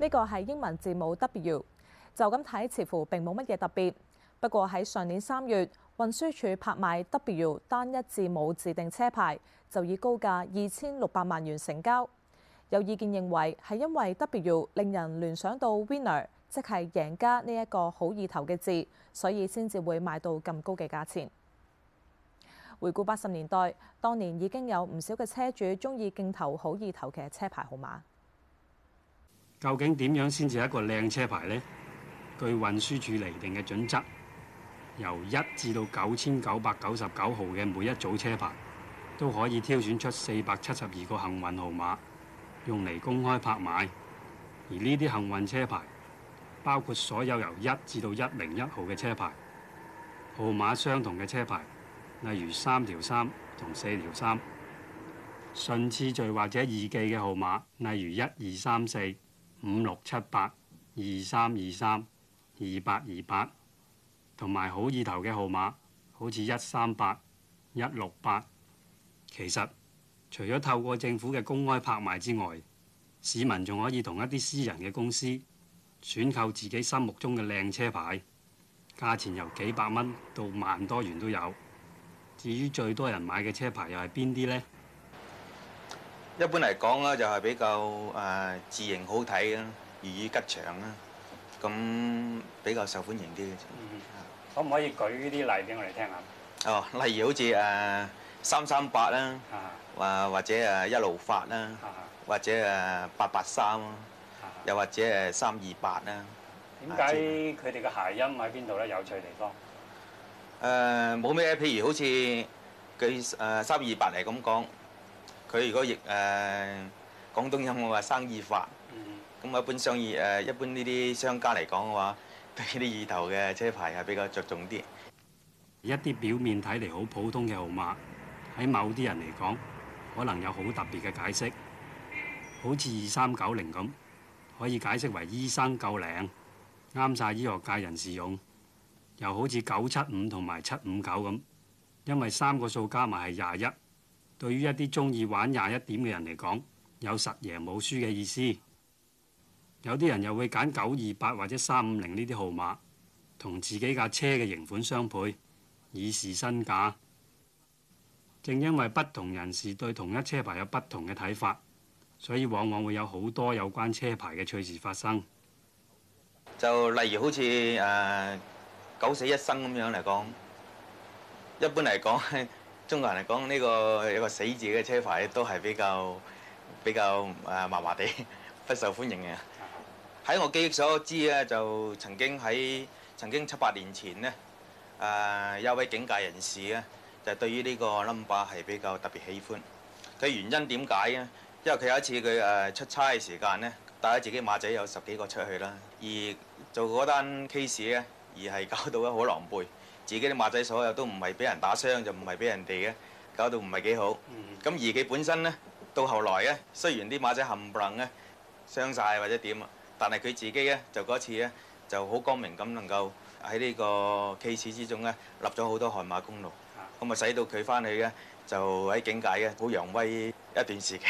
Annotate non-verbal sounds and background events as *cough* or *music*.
呢個係英文字母 W，就咁睇似乎並冇乜嘢特別。不過喺上年三月，運輸署拍賣 W 單一字母自定車牌，就以高價二千六百萬元成交。有意見認為係因為 W 令人聯想到 Winner，即係贏家呢一個好意頭嘅字，所以先至會賣到咁高嘅價錢。回顧八十年代，當年已經有唔少嘅車主中意競投好意頭嘅車牌號碼。究竟點樣先至一個靚車牌呢？據運輸署釐定嘅準則，由一至到九千九百九十九號嘅每一組車牌，都可以挑選出四百七十二個幸運號碼，用嚟公開拍賣。而呢啲幸運車牌包括所有由一至到一零一號嘅車牌，號碼相同嘅車牌，例如三條三同四條三，順次序或者易記嘅號碼，例如一二三四，五六七八，二三二三，二八二八，同埋好意頭嘅號碼，好似一三八、一六八。其實，除咗透過政府嘅公開拍賣之外，市民仲可以同一啲私人嘅公司選購自己心目中嘅靚車牌，價錢由幾百蚊到萬多元都有。至於最多人買嘅車牌又係邊啲呢？一般嚟講啦，就係、是、比較誒字形好睇啊，如意吉祥啊，咁比較受歡迎啲。嘅。嗯，可唔可以舉啲例俾我哋聽下？哦，例如好似誒、啊、三三八啦，或或者誒一路發啦，或者誒、啊、八八三，啊啊、又或者誒三二八啦。點解佢哋嘅諧音喺邊度咧？有趣地方誒冇咩，譬如好似舉誒三二八嚟咁講，佢如果亦誒廣東人話生意發，咁啊，一般商業誒、呃、一般呢啲商家嚟講嘅話， *laughs* 對呢啲意頭嘅車牌係比較着重啲。一啲表面睇嚟好普通嘅號碼，喺某啲人嚟講可能有好特別嘅解釋，好似二三九零咁，可以解釋為醫生夠靈，啱晒醫學界人士用。又好似九七五同埋七五九咁，因為三個數加埋係廿一。對於一啲中意玩廿一點嘅人嚟講，有實贏冇輸嘅意思；有啲人又會揀九二八或者三五零呢啲號碼，同自己架車嘅型款相配，以示身價。正因為不同人士對同一車牌有不同嘅睇法，所以往往會有好多有關車牌嘅趣事發生。就例如好似誒九死一生咁樣嚟講，一般嚟講係。中國人嚟講呢個一個死字嘅車牌都係比較比較誒、呃、麻麻地 *laughs* 不受歡迎嘅。喺我記憶所知咧，就曾經喺曾經七八年前呢，誒一位警界人士咧，就對於呢個 number 係比較特別喜歡。佢原因點解咧？因為佢有一次佢誒出差嘅時間呢，帶咗自己馬仔有十幾個出去啦，而做嗰單 case 咧，而係搞到咧好狼狽。自己啲馬仔所有都唔係俾人打傷，就唔係俾人哋嘅，搞到唔係幾好。咁、嗯、而佢本身咧，到後來咧，雖然啲馬仔冚唪唥咧傷晒或者點，但係佢自己咧就嗰次咧就好光明咁能夠喺呢個 case 之中咧立咗好多汗馬功勞，咁啊使到佢翻去咧就喺警界嘅好揚威一段時期。